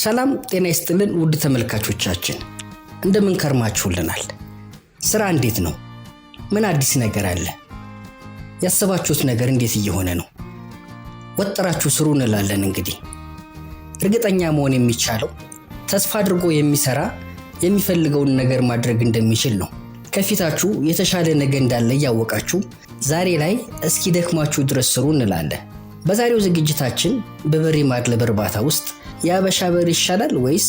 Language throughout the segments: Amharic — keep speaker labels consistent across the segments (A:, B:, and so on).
A: ሰላም ጤና ይስጥልን ውድ ተመልካቾቻችን እንደምን ከርማችሁልናል? ስራ እንዴት ነው? ምን አዲስ ነገር አለ? ያሰባችሁት ነገር እንዴት እየሆነ ነው? ወጠራችሁ ስሩ እንላለን። እንግዲህ እርግጠኛ መሆን የሚቻለው ተስፋ አድርጎ የሚሰራ የሚፈልገውን ነገር ማድረግ እንደሚችል ነው። ከፊታችሁ የተሻለ ነገር እንዳለ እያወቃችሁ ዛሬ ላይ እስኪ ደክማችሁ ድረስ ስሩ እንላለን። በዛሬው ዝግጅታችን በበሬ ማድለብ እርባታ ውስጥ የአበሻ በር ይሻላል ወይስ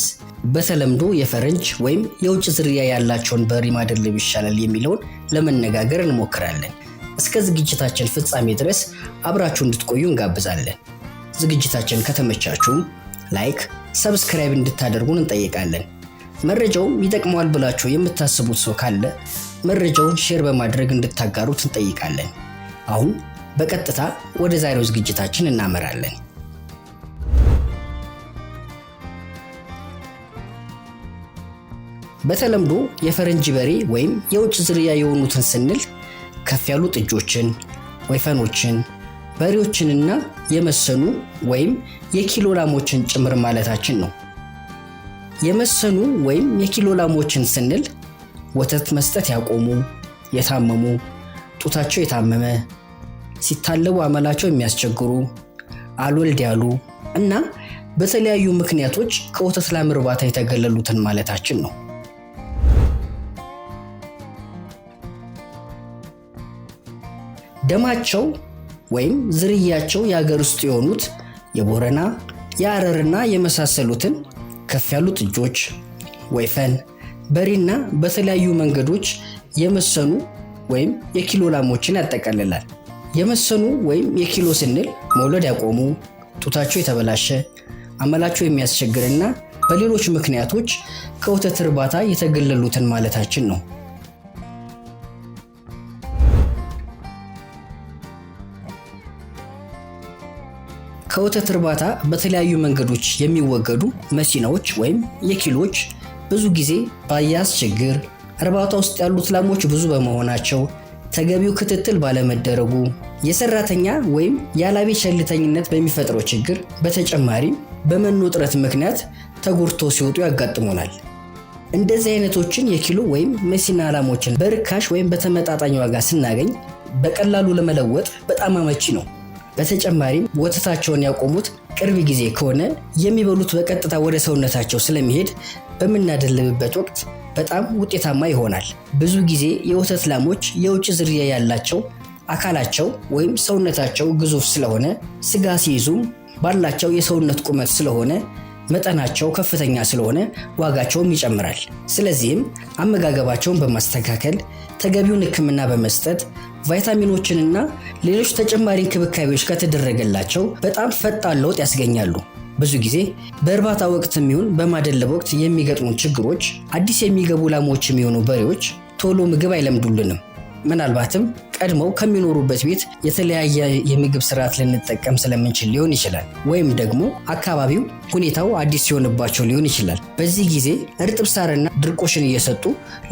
A: በተለምዶ የፈረንጅ ወይም የውጭ ዝርያ ያላቸውን በሪ ማደለብ ይሻላል የሚለውን ለመነጋገር እንሞክራለን። እስከ ዝግጅታችን ፍጻሜ ድረስ አብራችሁ እንድትቆዩ እንጋብዛለን። ዝግጅታችን ከተመቻችሁም ላይክ፣ ሰብስክራይብ እንድታደርጉን እንጠይቃለን። መረጃውም ይጠቅመዋል ብላችሁ የምታስቡት ሰው ካለ መረጃውን ሼር በማድረግ እንድታጋሩት እንጠይቃለን። አሁን በቀጥታ ወደ ዛሬው ዝግጅታችን እናመራለን።
B: በተለምዶ የፈረንጅ በሬ ወይም የውጭ ዝርያ የሆኑትን ስንል ከፍ ያሉ ጥጆችን፣ ወይፈኖችን፣ በሬዎችንና የመሰኑ ወይም የኪሎ ላሞችን ጭምር ማለታችን ነው። የመሰኑ ወይም የኪሎ ላሞችን ስንል ወተት መስጠት ያቆሙ፣ የታመሙ፣ ጡታቸው የታመመ፣ ሲታለቡ አመላቸው የሚያስቸግሩ፣ አልወልድ ያሉ እና በተለያዩ ምክንያቶች ከወተት ላም እርባታ የተገለሉትን ማለታችን ነው። ደማቸው ወይም ዝርያቸው የሀገር ውስጥ የሆኑት የቦረና የአረርና የመሳሰሉትን ከፍ ያሉ እጆች ወይፈን፣ በሪና በተለያዩ መንገዶች የመሰኑ ወይም የኪሎ ላሞችን ያጠቃልላል። የመሰኑ ወይም የኪሎ ስንል መውለድ ያቆሙ፣ ጡታቸው የተበላሸ፣ አመላቸው የሚያስቸግርና በሌሎች ምክንያቶች ከወተት እርባታ የተገለሉትን ማለታችን ነው። ከወተት እርባታ በተለያዩ መንገዶች የሚወገዱ መሲናዎች ወይም የኪሎች ብዙ ጊዜ ባያስ ችግር፣ እርባታ ውስጥ ያሉት ላሞች ብዙ በመሆናቸው፣ ተገቢው ክትትል ባለመደረጉ፣ የሰራተኛ ወይም የላቤ ቸልተኝነት በሚፈጥረው ችግር፣ በተጨማሪም በመኖ እጥረት ምክንያት ተጎድቶ ሲወጡ ያጋጥሙናል። እንደዚህ አይነቶችን የኪሎ ወይም መሲና ላሞችን በርካሽ ወይም በተመጣጣኝ ዋጋ ስናገኝ በቀላሉ ለመለወጥ በጣም አመቺ ነው። በተጨማሪም ወተታቸውን ያቆሙት ቅርብ ጊዜ ከሆነ የሚበሉት በቀጥታ ወደ ሰውነታቸው ስለሚሄድ በምናደልብበት ወቅት በጣም ውጤታማ ይሆናል። ብዙ ጊዜ የወተት ላሞች የውጭ ዝርያ ያላቸው አካላቸው ወይም ሰውነታቸው ግዙፍ ስለሆነ ስጋ ሲይዙም ባላቸው የሰውነት ቁመት ስለሆነ መጠናቸው ከፍተኛ ስለሆነ ዋጋቸውም ይጨምራል። ስለዚህም አመጋገባቸውን በማስተካከል ተገቢውን ሕክምና በመስጠት ቫይታሚኖችንና ሌሎች ተጨማሪ እንክብካቤዎች ከተደረገላቸው በጣም ፈጣን ለውጥ ያስገኛሉ። ብዙ ጊዜ በእርባታ ወቅት የሚሆን በማደለብ ወቅት የሚገጥሙን ችግሮች አዲስ የሚገቡ ላሞች የሚሆኑ በሬዎች ቶሎ ምግብ አይለምዱልንም። ምናልባትም ቀድመው ከሚኖሩበት ቤት የተለያየ የምግብ ስርዓት ልንጠቀም ስለምንችል ሊሆን ይችላል። ወይም ደግሞ አካባቢው ሁኔታው አዲስ ሲሆንባቸው ሊሆን ይችላል። በዚህ ጊዜ እርጥብ ሳርና ድርቆሽን እየሰጡ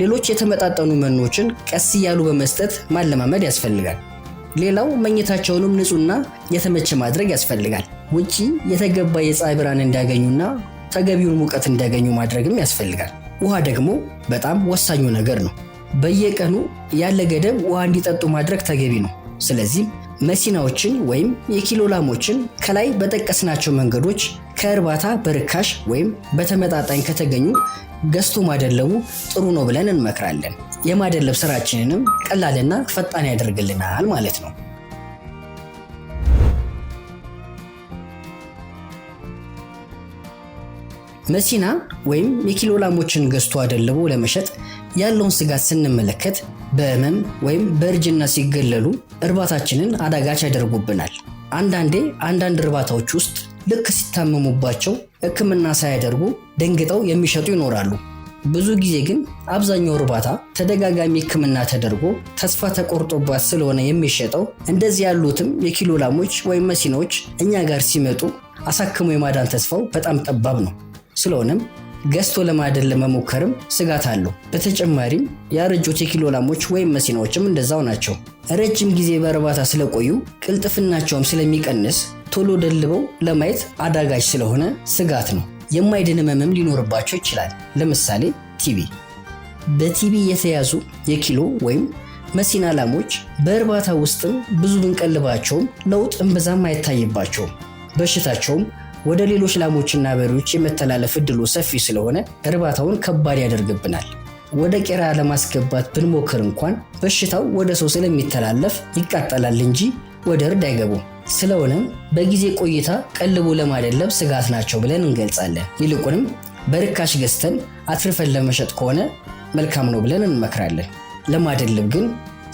B: ሌሎች የተመጣጠኑ መኖችን ቀስ እያሉ በመስጠት ማለማመድ ያስፈልጋል። ሌላው መኝታቸውንም ንጹህና የተመቸ ማድረግ ያስፈልጋል። ውጪ የተገባ የፀሐይ ብርሃን እንዲያገኙና ተገቢውን ሙቀት እንዲያገኙ ማድረግም ያስፈልጋል። ውሃ ደግሞ በጣም ወሳኙ ነገር ነው። በየቀኑ ያለ ገደብ ውሃ እንዲጠጡ ማድረግ ተገቢ ነው። ስለዚህም መሲናዎችን ወይም የኪሎ ላሞችን ከላይ በጠቀስናቸው መንገዶች ከእርባታ በርካሽ ወይም በተመጣጣኝ ከተገኙ ገዝቶ ማደለቡ ጥሩ ነው ብለን እንመክራለን። የማደለብ ስራችንንም ቀላልና ፈጣን ያደርግልናል ማለት ነው። መሲና ወይም የኪሎ ላሞችን ገዝቶ አደልቦ ለመሸጥ ያለውን ስጋት ስንመለከት በህመም ወይም በእርጅና ሲገለሉ እርባታችንን አዳጋች ያደርጉብናል። አንዳንዴ አንዳንድ እርባታዎች ውስጥ ልክ ሲታመሙባቸው ሕክምና ሳያደርጉ ደንግጠው የሚሸጡ ይኖራሉ። ብዙ ጊዜ ግን አብዛኛው እርባታ ተደጋጋሚ ሕክምና ተደርጎ ተስፋ ተቆርጦባት ስለሆነ የሚሸጠው። እንደዚህ ያሉትም የኪሎ ላሞች ወይም መሲኖች እኛ ጋር ሲመጡ አሳክሞ የማዳን ተስፋው በጣም ጠባብ ነው። ስለሆነም ገዝቶ ለማደን ለመሞከርም ስጋት አለው። በተጨማሪም ያረጁት የኪሎ ላሞች ወይም መሲናዎችም እንደዛው ናቸው። ረጅም ጊዜ በእርባታ ስለቆዩ ቅልጥፍናቸውም ስለሚቀንስ ቶሎ ደልበው ለማየት አዳጋች ስለሆነ ስጋት ነው። የማይድን ህመምም ሊኖርባቸው ይችላል። ለምሳሌ ቲቢ። በቲቢ የተያዙ የኪሎ ወይም መሲና ላሞች በእርባታ ውስጥም ብዙ ብንቀልባቸውም ለውጥ እምብዛም አይታይባቸውም። በሽታቸውም ወደ ሌሎች ላሞችና በሬዎች የመተላለፍ እድሉ ሰፊ ስለሆነ እርባታውን ከባድ ያደርግብናል። ወደ ቄራ ለማስገባት ብንሞክር እንኳን በሽታው ወደ ሰው ስለሚተላለፍ ይቃጠላል እንጂ ወደ እርድ አይገቡም። ስለሆነም በጊዜ ቆይታ ቀልቦ ለማደለብ ስጋት ናቸው ብለን እንገልጻለን። ይልቁንም በርካሽ ገዝተን አትርፈን ለመሸጥ ከሆነ መልካም ነው ብለን እንመክራለን። ለማደለብ ግን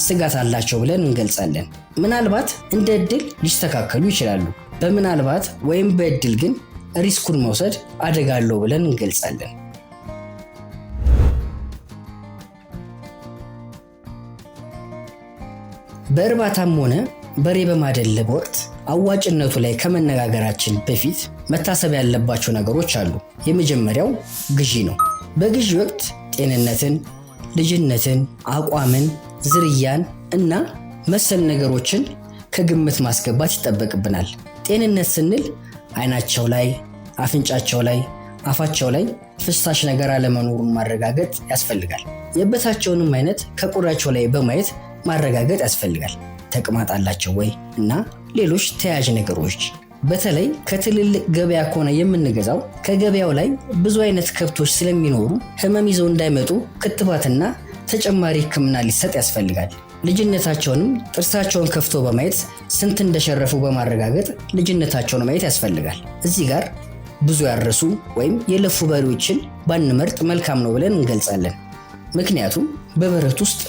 B: ስጋት አላቸው ብለን እንገልጻለን። ምናልባት እንደ እድል ሊስተካከሉ ይችላሉ። በምናልባት ወይም በእድል ግን ሪስኩን መውሰድ አደጋ አለው ብለን እንገልጻለን። በእርባታም ሆነ በሬ በማደለብ ወቅት አዋጭነቱ ላይ ከመነጋገራችን በፊት መታሰብ ያለባቸው ነገሮች አሉ። የመጀመሪያው ግዢ ነው። በግዢ ወቅት ጤንነትን፣ ልጅነትን፣ አቋምን፣ ዝርያን እና መሰል ነገሮችን ከግምት ማስገባት ይጠበቅብናል። ጤንነት ስንል አይናቸው ላይ፣ አፍንጫቸው ላይ፣ አፋቸው ላይ ፍሳሽ ነገር አለመኖሩን ማረጋገጥ ያስፈልጋል። የበታቸውንም አይነት ከቆዳቸው ላይ በማየት ማረጋገጥ ያስፈልጋል። ተቅማጥ አላቸው ወይ እና ሌሎች ተያያዥ ነገሮች በተለይ ከትልልቅ ገበያ ከሆነ የምንገዛው ከገበያው ላይ ብዙ አይነት ከብቶች ስለሚኖሩ ህመም ይዘው እንዳይመጡ ክትባትና ተጨማሪ ሕክምና ሊሰጥ ያስፈልጋል። ልጅነታቸውንም ጥርሳቸውን ከፍቶ በማየት ስንት እንደሸረፉ በማረጋገጥ ልጅነታቸውን ማየት ያስፈልጋል። እዚህ ጋር ብዙ ያረሱ ወይም የለፉ በሬዎችን ባንመርጥ መልካም ነው ብለን እንገልጻለን። ምክንያቱም በበረት ውስጥ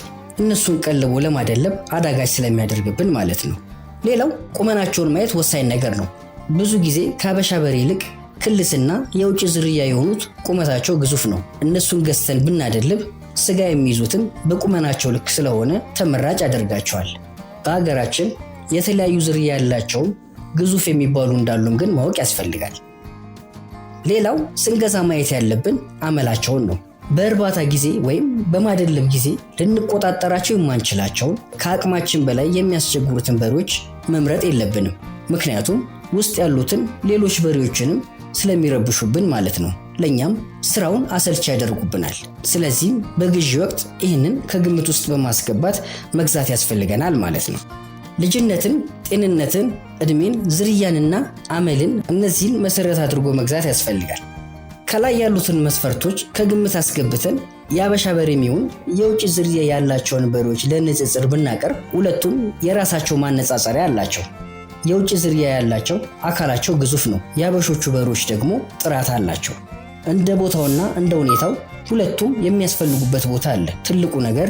B: እነሱን ቀልቦ ለማደለብ አዳጋጅ ስለሚያደርግብን ማለት ነው። ሌላው ቁመናቸውን ማየት ወሳኝ ነገር ነው። ብዙ ጊዜ ከሀበሻ በሬ ይልቅ ክልስና የውጭ ዝርያ የሆኑት ቁመታቸው ግዙፍ ነው። እነሱን ገዝተን ብናደልብ ስጋ የሚይዙትም በቁመናቸው ልክ ስለሆነ ተመራጭ ያደርጋቸዋል። በሀገራችን የተለያዩ ዝርያ ያላቸውም ግዙፍ የሚባሉ እንዳሉም ግን ማወቅ ያስፈልጋል። ሌላው ስንገዛ ማየት ያለብን አመላቸውን ነው። በእርባታ ጊዜ ወይም በማደለብ ጊዜ ልንቆጣጠራቸው የማንችላቸውን ከአቅማችን በላይ የሚያስቸግሩትን በሬዎች መምረጥ የለብንም። ምክንያቱም ውስጥ ያሉትን ሌሎች በሬዎችንም ስለሚረብሹብን ማለት ነው። ለእኛም ስራውን አሰልቻ ያደርጉብናል። ስለዚህም በግዢ ወቅት ይህንን ከግምት ውስጥ በማስገባት መግዛት ያስፈልገናል ማለት ነው። ልጅነትን፣ ጤንነትን፣ እድሜን፣ ዝርያንና አመልን እነዚህን መሰረት አድርጎ መግዛት ያስፈልጋል። ከላይ ያሉትን መስፈርቶች ከግምት አስገብተን የአበሻ በሬሚውን የውጭ ዝርያ ያላቸውን በሬዎች ለንጽጽር ብናቀርብ ሁለቱም የራሳቸው ማነጻጸሪያ አላቸው። የውጭ ዝርያ ያላቸው አካላቸው ግዙፍ ነው። የአበሾቹ በሮች ደግሞ ጥራት አላቸው። እንደ ቦታውና እንደ ሁኔታው ሁለቱም የሚያስፈልጉበት ቦታ አለ። ትልቁ ነገር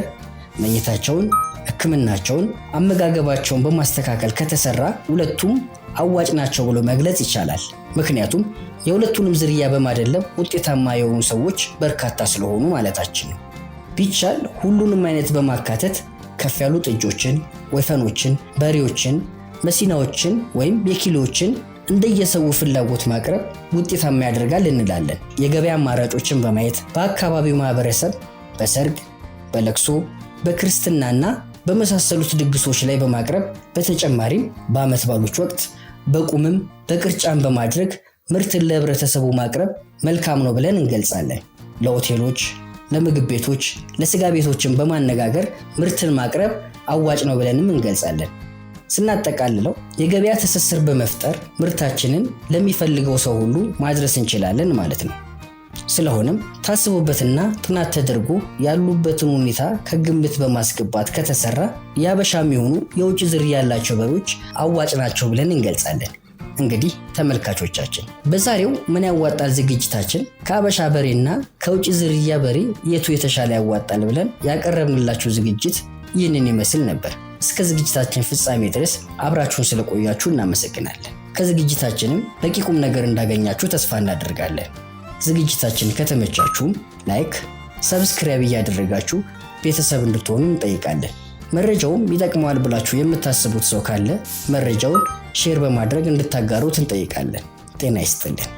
B: መኝታቸውን፣ ሕክምናቸውን፣ አመጋገባቸውን በማስተካከል ከተሰራ ሁለቱም አዋጭ ናቸው ብሎ መግለጽ ይቻላል። ምክንያቱም የሁለቱንም ዝርያ በማደለብ ውጤታማ የሆኑ ሰዎች በርካታ ስለሆኑ ማለታችን ነው። ቢቻል ሁሉንም አይነት በማካተት ከፍ ያሉ ጥጆችን፣ ወይፈኖችን፣ በሬዎችን መሲናዎችን ወይም የኪሎዎችን እንደየሰው ፍላጎት ማቅረብ ውጤታማ ያደርጋል እንላለን። የገበያ አማራጮችን በማየት በአካባቢው ማህበረሰብ በሰርግ፣ በለቅሶ፣ በክርስትናና በመሳሰሉት ድግሶች ላይ በማቅረብ በተጨማሪም በዓመት ባሎች ወቅት በቁምም በቅርጫም በማድረግ ምርትን ለህብረተሰቡ ማቅረብ መልካም ነው ብለን እንገልጻለን። ለሆቴሎች፣ ለምግብ ቤቶች፣ ለስጋ ቤቶችን በማነጋገር ምርትን ማቅረብ አዋጭ ነው ብለንም እንገልጻለን። ስናጠቃልለው የገበያ ትስስር በመፍጠር ምርታችንን ለሚፈልገው ሰው ሁሉ ማድረስ እንችላለን ማለት ነው። ስለሆነም ታስቦበትና ጥናት ተደርጎ ያሉበትን ሁኔታ ከግምት በማስገባት ከተሰራ የአበሻ የሚሆኑ የውጭ ዝርያ ያላቸው በሬዎች አዋጭ ናቸው ብለን እንገልጻለን። እንግዲህ ተመልካቾቻችን በዛሬው ምን ያዋጣል ዝግጅታችን ከአበሻ በሬና ከውጭ ዝርያ በሬ የቱ የተሻለ ያዋጣል ብለን ያቀረብንላችሁ ዝግጅት ይህንን ይመስል ነበር። እስከ ዝግጅታችን ፍጻሜ ድረስ አብራችሁን ስለቆያችሁ እናመሰግናለን። ከዝግጅታችንም በቂ ቁም ነገር እንዳገኛችሁ ተስፋ እናደርጋለን። ዝግጅታችን ከተመቻችሁም ላይክ፣ ሰብስክራይብ እያደረጋችሁ ቤተሰብ እንድትሆኑ እንጠይቃለን። መረጃውም ይጠቅመዋል ብላችሁ የምታስቡት ሰው ካለ መረጃውን ሼር በማድረግ እንድታጋሩት እንጠይቃለን። ጤና ይስጥልን።